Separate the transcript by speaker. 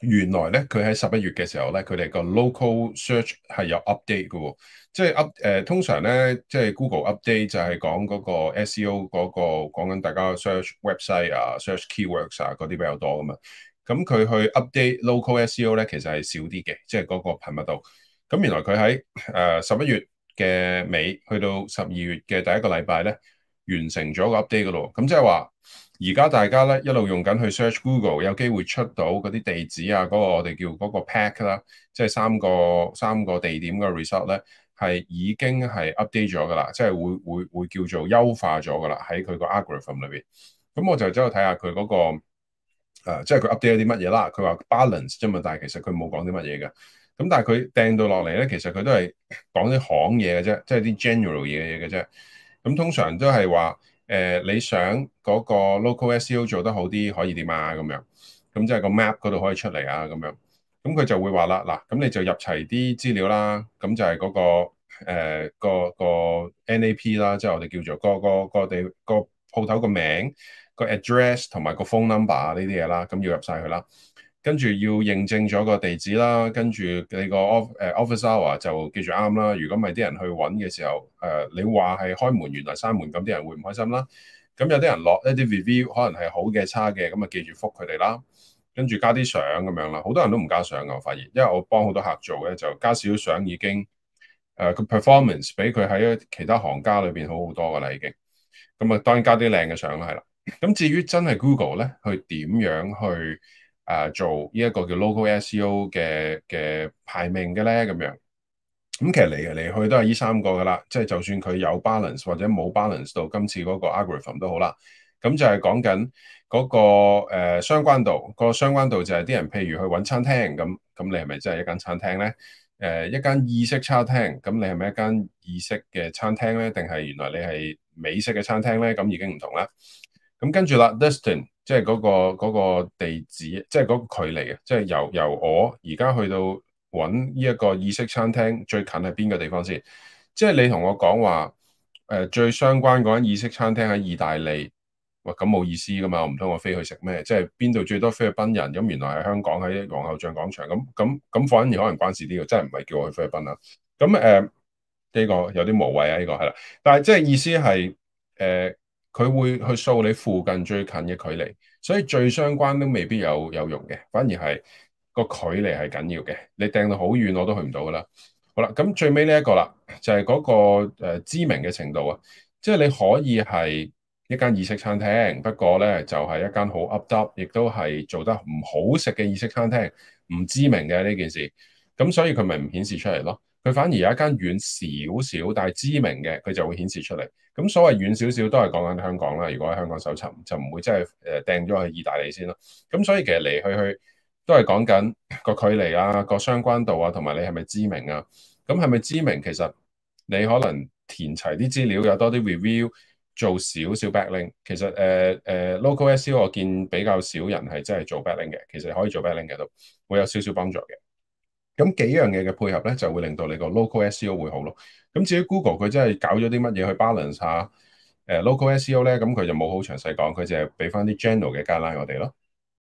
Speaker 1: 原來咧，佢喺十一月嘅時候咧，佢哋個 local search 係有 update 㗎喎，即係 up 誒、呃、通常咧，即係 Google update 就係講嗰個 SEO 嗰個講緊大家 search website 啊、search keywords 啊嗰啲比較多嘅嘛。咁佢去 update local SEO 咧，其實係少啲嘅，即係嗰個頻密度。咁原來佢喺誒十一月嘅尾，去到十二月嘅第一個禮拜咧，完成咗個 update 㗎咯。咁即係話。而家大家咧一路用緊去 search Google，有機會出到嗰啲地址啊，嗰、嗰個我哋叫嗰個 pack 啦、啊，即係三個三個地點嘅 result 咧，係已經係 update 咗噶啦，即係會會會叫做優化咗噶啦，喺佢個 algorithm 裏邊。咁我就走去睇下佢嗰、嗰個、呃、即係佢 update 咗啲乜嘢啦。佢話 balance 啫嘛，但係其實佢冇講啲乜嘢嘅。咁但係佢掟到落嚟咧，其實佢都係講啲行嘢嘅啫，即係啲 general 嘢嘅嘢嘅啫。咁通常都係話。誒、呃、你想嗰個 local SEO 做得好啲，可以點啊？咁樣，咁、嗯、即係個 map 嗰度可以出嚟啊？咁樣，咁、嗯、佢就會話啦，嗱，咁、嗯、你就入齊啲資料啦，咁、嗯、就係、是、嗰、那個誒個 NAP 啦，即係我哋叫做個個個地個鋪頭個名、個 address 同埋個 phone number 啊呢啲嘢啦，咁、嗯、要入晒佢啦。跟住要認證咗個地址啦，跟住你個 office hour 就記住啱啦。如果唔係啲人去揾嘅時候，誒、呃、你話係開門原來閂門，咁啲人會唔開心啦。咁有啲人落一啲 review，可能係好嘅、差嘅，咁啊記住覆佢哋啦。跟住加啲相咁樣啦，好多人都唔加相噶，我發現，因為我幫好多客做嘅，就加少少相已經誒、呃、個 performance 比佢喺其他行家裏邊好好多噶啦，已經。咁啊當然加啲靚嘅相啦，係啦。咁至於真係 Google 咧，去點樣去？誒做呢一個叫 Local SEO 嘅嘅排名嘅咧，咁樣咁其實嚟嚟去都係依三個噶啦，即係就算佢有 balance 或者冇 balance 到今次嗰個 algorithm 都好啦，咁就係講緊嗰、嗰個、呃、相關度，嗰個相關度就係啲人譬如去揾餐廳咁，咁你係咪真係一間餐廳咧？誒、呃、一間意式餐廳，咁你係咪一間意式嘅餐廳咧？定係原來你係美式嘅餐廳咧？咁已經唔同啦。咁跟住啦 distance 即係嗰、嗰個嗰個地址，即係嗰個距離，即係由由我而家去到揾呢一個意式餐廳最近係邊個地方先？即係你同我講話誒最相關嗰間意式餐廳喺意大利，哇咁冇意思噶嘛！我唔通我飛去食咩？即係邊度最多菲律賓人？咁原來係香港喺皇后像廣場。咁咁咁反而可能關事啲㗎，真係唔係叫我去菲律賓啊？咁誒呢個有啲無謂啊！呢、呢個係啦，但係即係意思係誒。呃佢會去掃你附近最近嘅距離，所以最相關都未必有有用嘅，反而係、嗰個距離係緊要嘅。你掟到好遠我都去唔到噶啦。好啦，咁、嗯、最尾呢一個啦，就係、是、嗰、嗰個、呃、知名嘅程度啊，即係你可以係一間意式餐廳，不過咧就係、是、一間好 up top，亦都係做得唔好食嘅意式餐廳，唔知名嘅呢件事，咁、嗯、所以佢咪唔顯示出嚟咯。佢反而有一間遠少少，但係知名嘅，佢就會顯示出嚟。咁所謂遠少少都係講緊香港啦。如果喺香港搜尋，就唔會真係誒掟咗去意大利先啦。咁所以其實嚟去去都係講緊個距離啊、個相關度啊，同埋你係咪知名啊？咁係咪知名？其實你可能填齊啲資料，有多啲 review，做少少 backlink。其實誒誒、uh, uh, local SEO 我見比較少人係真係做 backlink 嘅。其實你可以做 backlink 嘅都會有少少幫助嘅。咁幾樣嘢嘅配合咧，就會令到你個 local SEO 會好咯。咁至於 Google 佢真係搞咗啲乜嘢去 balance 下 local SEO 呢？咁佢就冇好詳細講，佢就係俾翻啲 general 嘅 guideline 我哋 gu 咯。